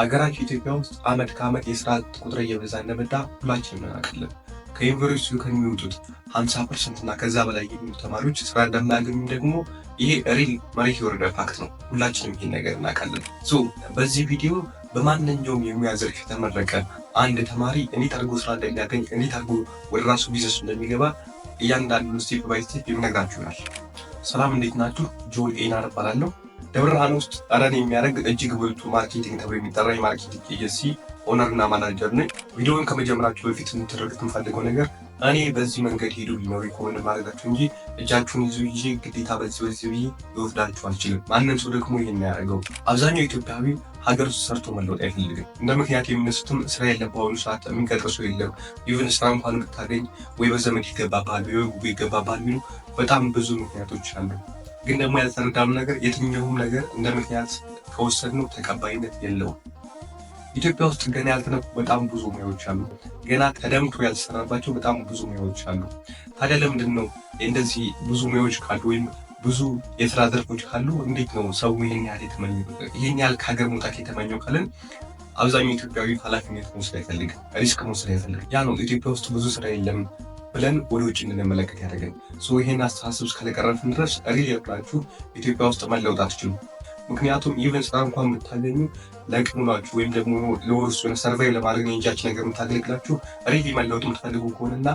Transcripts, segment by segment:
ሀገራችን ኢትዮጵያ ውስጥ አመት ከአመት የስራ አጥ ቁጥር እየበዛ እንደመጣ ሁላችንም እናውቃለን። ከዩኒቨርሲቲ ከሚወጡት 50 ፐርሰንት እና ከዛ በላይ የሚሆኑ ተማሪዎች ስራ እንደማያገኙ ደግሞ ይሄ ሪል መሬት የወረደ ፋክት ነው። ሁላችንም ይህን ነገር እናውቃለን። ሶ በዚህ ቪዲዮ በማንኛውም የሙያ ዘርፍ የተመረቀ አንድ ተማሪ እንዴት አድርጎ ስራ እንደሚያገኝ፣ እንዴት አድርጎ ወደ ራሱ ቢዝነሱ እንደሚገባ እያንዳንዱ ስቴፕ ባይ ስቴፕ ሰላም፣ እንዴት ናችሁ? ጆል ኤናር እባላለሁ። ደብረ ውስጥ ጠረን የሚያደርግ እጅግ ብልጡ ማርኬቲንግ ተብሎ የሚጠራ የማርኬቲንግ ኤጀንሲ ኦነር እና ማናጀር ነኝ። ቪዲዮውን ከመጀመራችሁ በፊት የምትደረግ የምፈልገው ነገር እኔ በዚህ መንገድ ሄዱ ሊኖ ኮመንድ ማድረጋችሁ እንጂ እጃችሁን ይዙ ይ ግዴታ በዚህ በዚህ ብዬ ይወስዳችሁ አልችልም። ማንም ሰው ደግሞ ይህን ያደርገው። አብዛኛው ኢትዮጵያዊ ሀገር ውስጥ ሰርቶ መለወጥ አይፈልግም። እንደ ምክንያት የሚነሱትም ስራ የለም፣ በአሁኑ ሰዓት የሚቀጥር ሰው የለም። ኢቨን ስራ እንኳን ብታገኝ ወይ በዘመድ ይገባባል ወይ ጉቦ ይገባባል ቢሉ በጣም ብዙ ምክንያቶች አሉ። ግን ደግሞ ያልተረዳም ነገር የትኛውም ነገር እንደ ምክንያት ከወሰድነው ተቀባይነት የለውም። ኢትዮጵያ ውስጥ ገና ያልተነኩ በጣም ብዙ ሙያዎች አሉ። ገና ተደምቶ ያልተሰራባቸው በጣም ብዙ ሙያዎች አሉ። ታዲያ ለምንድን ነው እንደዚህ ብዙ ሙያዎች ካሉ ወይም ብዙ የስራ ዘርፎች ካሉ እንዴት ነው ሰው ይህን ያህል የተመኘው ይህን ያህል ከሀገር መውጣት የተመኘው ካለን አብዛኛው ኢትዮጵያዊ ኃላፊነት መውሰድ አይፈልግም፣ ሪስክ መውሰድ አይፈልግም። ያ ነው ኢትዮጵያ ውስጥ ብዙ ስራ የለም ብለን ወደ ውጭ እንድንመለከት ያደረገን ሰው ይሄን አስተሳሰብ እስካለቀረፍን ድረስ ሪል የሆናችሁ ኢትዮጵያ ውስጥ መለውጥ አትችሉም። ምክንያቱም ኢቨን ስራ እንኳን የምታገኙ ለቅሙ ወይም ደግሞ ለወርሱ ሰርቫይ ለማድረግ የእንጃችን ነገር የምታገለግላችሁ ሪሊ መለወጥ የምትፈልጉ ከሆነና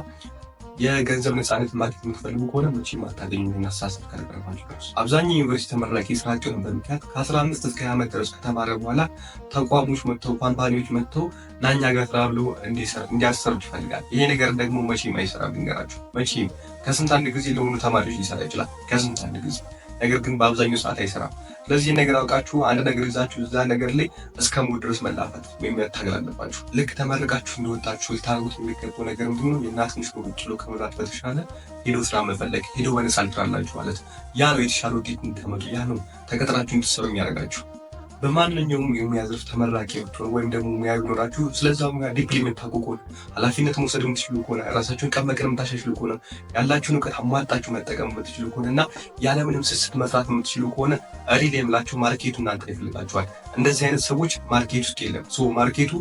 የገንዘብ ነፃነት ማለት የምትፈልጉ ከሆነ መቼም አታገኙ አስተሳሰብ ከነገርኳችሁ አብዛኛው ዩኒቨርሲቲ ተመራቂ ስራቸውን በምክንያት ከ15 እስከ 20 ዓመት ድረስ ከተማረ በኋላ ተቋሞች መጥተው ኳምፓኒዎች መጥተው ናኛ ጋር ስራ ብሎ እንዲያሰሩት ይፈልጋል። ይሄ ነገር ደግሞ መቼም አይሰራ ብንገራቸው። መቼም ከስንት አንድ ጊዜ ለሆኑ ተማሪዎች ሊሰራ ይችላል፣ ከስንት አንድ ጊዜ ነገር ግን በአብዛኛው ሰዓት አይሰራም። ለዚህ ነገር አውቃችሁ አንድ ነገር ይዛችሁ እዛ ነገር ላይ እስከ ሞት ድረስ መላፈት ወይም መታገል አለባችሁ። ልክ ተመርቃችሁ እንደወጣችሁ ልታረጉት የሚገቡ ነገር ምንድን ነው? የእናትንሽ ኑሮ ጭሎ ከመብላት በተሻለ ሄዶ ስራ መፈለግ፣ ሄዶ በነሳ ልትራላችሁ ማለት ያ ነው የተሻለ ውጤት እንድታመጡ ያ ነው ተቀጥራችሁ እንድትሰሩ የሚያደርጋችሁ። በማንኛውም የሙያ ዘርፍ ተመራቂዎች ወይም ደግሞ ሙያ ይኖራችሁ ስለዛ ሙያ ዲግሪ የምታውቁ ከሆነ ኃላፊነት መውሰድ የምትችሉ ከሆነ ራሳችሁን ቀን በቀን የምታሻሽሉ ከሆነ ያላችሁን እውቀት አሟጣችሁ መጠቀም የምትችሉ ከሆነ እና ያለምንም ስስት መስራት የምትችሉ ከሆነ ሪል የምላችሁ ማርኬቱ እናንተ ይፈልጋችኋል። እንደዚህ አይነት ሰዎች ማርኬት ውስጥ የለም። ማርኬቱ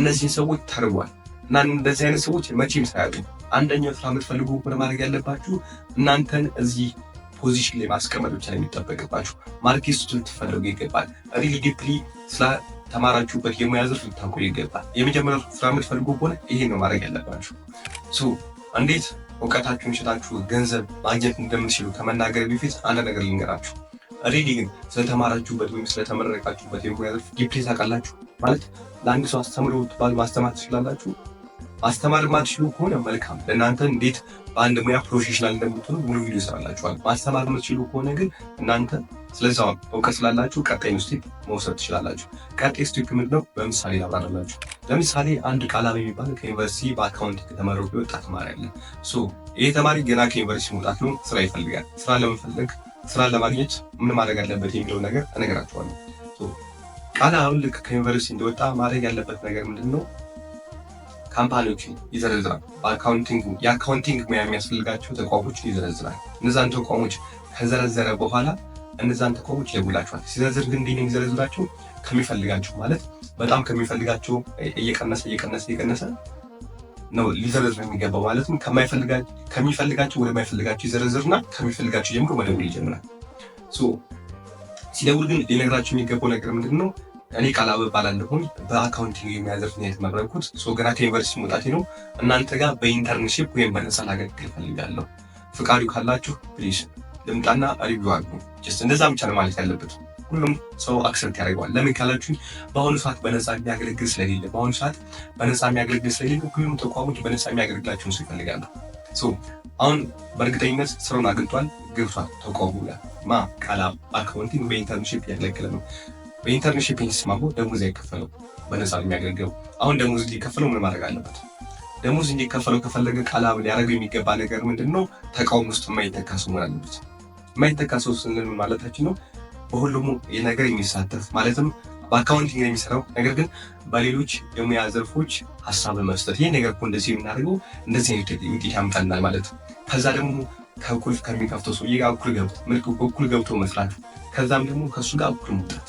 እነዚህን ሰዎች ተርቧል። እና እንደዚህ አይነት ሰዎች መቼም ሳያጡ አንደኛው ስራ የምትፈልጉ ማድረግ ያለባችሁ እናንተን እዚህ ፖዚሽን ላይ ማስቀመጥ ብቻ ነው የሚጠበቅባችሁ። ማርኬት ውስጥ ልትፈልጉ ይገባል። ሪል ዲፕሊ ስለተማራችሁበት የሙያ ዘርፍ ልታውቁ ይገባል። የመጀመሪያ ስራ የምትፈልጉ ከሆነ ይሄን ነው ማድረግ ያለባችሁ። እንዴት እውቀታችሁን ሽጣችሁ ገንዘብ ማግኘት እንደምትችሉ ከመናገር በፊት አንድ ነገር ልንገራችሁ። ሪሊ ግን ስለተማራችሁበት ወይም ስለተመረቃችሁበት የሙያ ዘርፍ ዲፕሊ ታውቃላችሁ ማለት ለአንድ ሰው አስተምሮ ባል ማስተማር ትችላላችሁ ማስተማር ማትችሉ ከሆነ መልካም፣ ለእናንተ እንዴት በአንድ ሙያ ፕሮፌሽናል እንደምትሆኑ ሙሉ ቪዲዮ ይሰራላችኋል። ማስተማር የምትችሉ ከሆነ ግን እናንተ ስለዛ እውቀት ስላላችሁ ቀጣይ ስቴፕ መውሰድ ትችላላችሁ። ቀጣይ ስቴፕ ምንድነው? በምሳሌ ላብራራላችሁ። ለምሳሌ አንድ ቃላም የሚባል ከዩኒቨርሲቲ በአካውንት የተመረቁ ወጣት ተማሪ አለ። ይሄ ተማሪ ገና ከዩኒቨርሲቲ መውጣት ነው፣ ስራ ይፈልጋል። ስራ ለመፈለግ ስራ ለማግኘት ምን ማድረግ አለበት የሚለው ነገር እነግራችኋለሁ። ቃላ አሁን ልክ ከዩኒቨርሲቲ እንደወጣ ማድረግ ያለበት ነገር ምንድን ነው? ካምፓኒዎችን ይዘረዝራል። በአካውንቲንግ የአካውንቲንግ ሙያ የሚያስፈልጋቸው ተቋሞችን ይዘረዝራል። እነዛን ተቋሞች ከዘረዘረ በኋላ እነዛን ተቋሞች ይለጉላቸዋል። ሲዘርዝር ግን እንዲህ የሚዘረዝራቸው ከሚፈልጋቸው ማለት በጣም ከሚፈልጋቸው እየቀነሰ እየቀነሰ እየቀነሰ ነው ሊዘረዝር የሚገባው ማለትም ከሚፈልጋቸው ወደማይፈልጋቸው ይዘረዝርና ከሚፈልጋቸው ጀምሮ መደውል ይጀምራል። ሲደውል ግን ሊነግራቸው የሚገባው ነገር ምንድን ነው? እኔ ቃል አበባል እንደሆን በአካውንቲንግ የሚያዘርፍ ነው መረብኩት ገና ዩኒቨርሲቲ መውጣቴ ነው። እናንተ ጋር በኢንተርንሽፕ ወይም በነፃ ላገለግል ፈልጋለሁ። ፍቃዱ ካላችሁ ፕሊዝ ልምጣና ሪቪው አሉ። ጀስት እንደዛ ብቻ ነው ማለት ያለበት። ሁሉም ሰው አክሰፕት ያደርገዋል። ለምን ካላችሁ በአሁኑ ሰዓት በነፃ የሚያገለግል ስለሌለ፣ በአሁኑ ሰዓት በነፃ የሚያገለግል ስለሌለ ሁሉም ተቋሞች በነፃ የሚያገለግላቸውን ሰው ይፈልጋሉ። አሁን በእርግጠኝነት ስራውን አግኝቷል፣ ገብቷል። ተቋሙ ማ ቃላ አካውንቲንግ በኢንተርንሽፕ ያገለግለ ነው በኢንተርንሺፕ ሲስማሙ ደሞዝ አይከፈለው፣ በነፃ የሚያገለግለው አሁን ደሞዝ እንዲከፈለው ምን ማድረግ አለበት? ደሞዝ እንዲከፈለው ከፈለገ ቃላ ሊያደርገው የሚገባ ነገር ምንድን ነው? ተቃውሞ ውስጥ የማይተካ ሰው መሆን አለበት። የማይተካ ሰው ስንል ማለታችን ነው በሁሉም ነገር የሚሳተፍ ማለትም በአካውንቲንግ የሚሰራው ነገር ግን በሌሎች የሙያ ዘርፎች ሀሳብ መስጠት ይህ ነገር እኮ እንደዚህ የምናደርገው እንደዚህ አይነት ውጤት ያምጣናል ማለት ከዛ ደግሞ ከቁልፍ ከሚከፍተው ሰውዬ ጋር እኩል ገብቶ መስራት ከዛም ደግሞ ከእሱ ጋር እኩል መውጣት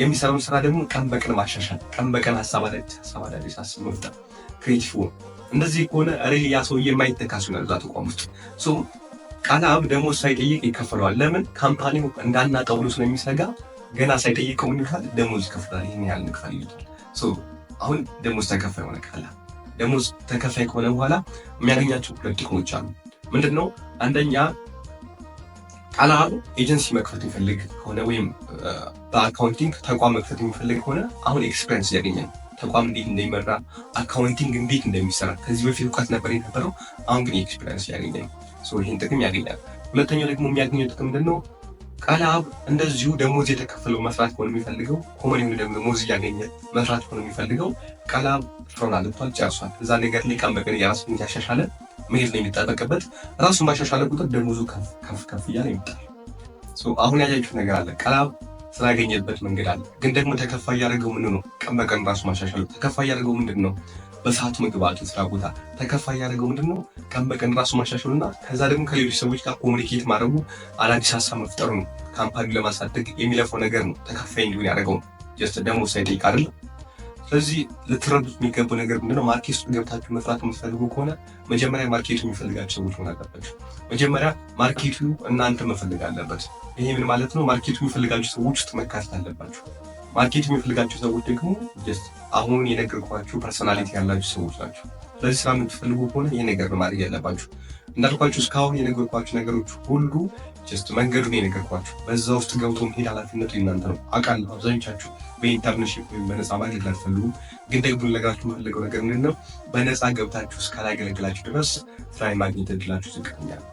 የሚሰራውን ስራ ደግሞ ቀን በቀን ማሻሻል፣ ቀን በቀን ሀሳብ አዳጅ ሀሳብ አዳጅ ሳስብ መፍጠር፣ ክሬቲቭ ሆኖ እንደዚህ ከሆነ ሬል ያ ሰውዬ የማይተካሱ ነው እዛ ተቋም ውስጥ ቃላብ ደግሞ ሳይጠይቅ ይከፈለዋል። ለምን ካምፓኒው እንዳናጣው ብሎ ስለሚሰጋ ገና ሳይጠይቀው ይካል ደሞዝ ይከፍላል። ይህን ያህል ንቅፋል ይሉታል። አሁን ደሞዝ ተከፋይ ሆነ። ቃላ ደሞዝ ተከፋይ ከሆነ በኋላ የሚያገኛቸው ሁለት ጥቅሞች አሉ። ምንድን ነው አንደኛ አላሉ ኤጀንሲ መክፈት የሚፈልግ ከሆነ ወይም በአካውንቲንግ ተቋም መክፈት የሚፈልግ ከሆነ አሁን ኤክስፔሪንስ ያገኛል። ተቋም እንዴት እንደሚመራ አካውንቲንግ እንዴት እንደሚሰራ ከዚህ በፊት እውቀት ነበር የነበረው። አሁን ግን ኤክስፔሪንስ ያገኛል። ይህን ጥቅም ያገኛል። ሁለተኛው ደግሞ የሚያገኘው ጥቅም ምንድን ነው? ቃልአብ እንደዚሁ ደሞዝ የተከፈለው መስራት ከሆነ የሚፈልገው ኮመን የሆነ ደግሞ ደሞዝ እያገኘ መስራት ከሆነ የሚፈልገው ቀላብ ስራውን አልቷል፣ ጨርሷል። እዛ ነገር ሊቀን በቀን የራሱን እያሻሻለ መሄድ ነው የሚጠበቅበት። ራሱን ባሻሻለ ቁጥር ደሞዙ ከፍ ከፍ እያለ ይመጣል። አሁን ያያችሁት ነገር አለ፣ ቀላብ ስላገኘበት መንገድ አለ። ግን ደግሞ ተከፋ እያደረገው ምንድን ነው? ቀን በቀን ራሱ ማሻሻሉ ተከፋ እያደረገው ምንድን ነው? በሰዓቱ መግባቱ ስራ ቦታ ተከፋ እያደረገው ምንድን ነው? ቀን በቀን ራሱ ማሻሻሉ እና ከዛ ደግሞ ከሌሎች ሰዎች ጋር ኮሚኒኬት ማድረጉ አዳዲስ ሀሳብ መፍጠሩ ነው። ካምፓኒ ለማሳደግ የሚለፈው ነገር ነው። ተከፋይ እንዲሆን ያደረገው ነው። ደግሞ ሳይጠይቅ አይደለም። በዚህ ልትረዱት የሚገባው ነገር ምንድነው? ማርኬት ውስጥ ገብታችሁ መስራት የምትፈልጉ ከሆነ መጀመሪያ ማርኬቱ የሚፈልጋቸው ሰዎች መሆን አለባችሁ። መጀመሪያ ማርኬቱ እናንተ መፈልግ አለበት። ይሄ ምን ማለት ነው? ማርኬቱ የሚፈልጋቸው ሰዎች ውስጥ መካተት አለባችሁ። ማርኬቱ የሚፈልጋቸው ሰዎች ደግሞ አሁን የነገርኳችሁ ፐርሶናሊቲ ያላችሁ ሰዎች ናቸው። በዚህ ስራ የምትፈልጉ ከሆነ ይህ ነገር ማድረግ ያለባችሁ እንዳልኳችሁ እስካሁን የነገርኳችሁ ነገሮች ሁሉ ጀስት መንገዱን የነገርኳችሁ በዛ ውስጥ ገብቶ መሄድ ኃላፊነቱ የእናንተ ነው። አቃል አብዛኞቻችሁ በኢንተርንሽፕ ወይም በነፃ ማግኘት ላትፈልጉ፣ ግን ደግሞ ልነግራችሁ የምፈልገው ነገር ምንድን ነው፣ በነፃ ገብታችሁ እስካላገለግላችሁ ድረስ ስራ ማግኘት እድላችሁ ዝቅተኛ ነው።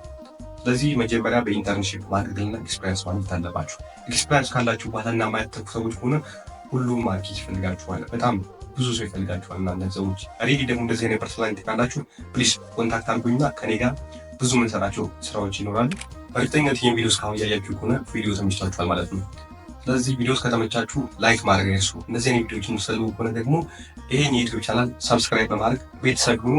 ስለዚህ መጀመሪያ በኢንተርንሽፕ ማገልገልና ኤክስፔሪንስ ማግኘት አለባችሁ። ኤክስፔሪንስ ካላችሁ በኋላ እና ማያተኩ ሰዎች ሆነ ሁሉም ማርኬት ይፈልጋችኋል በጣም ብዙ ሰው ይፈልጋችኋል። እናንተ ሰዎች ሬዲ ደግሞ እንደዚህ አይነት ፐርሶናሊቲ ካላችሁ ፕሊስ ኮንታክት አድርጉኝና ከኔ ጋር ብዙ ምንሰራቸው ስራዎች ይኖራሉ። በእርግጠኛ ይህን ቪዲዮ እስካሁን እያያችሁ ከሆነ ቪዲዮ ተመችቷችኋል ማለት ነው። ስለዚህ ቪዲዮ ከተመቻችሁ ላይክ ማድረግ አይርሱ። እነዚህ አይነት ቪዲዮዎች የምትፈልጉ ከሆነ ደግሞ ይህን የዩቲዩብ ቻናል ሰብስክራይብ በማድረግ ቤተሰብ ሁኑ።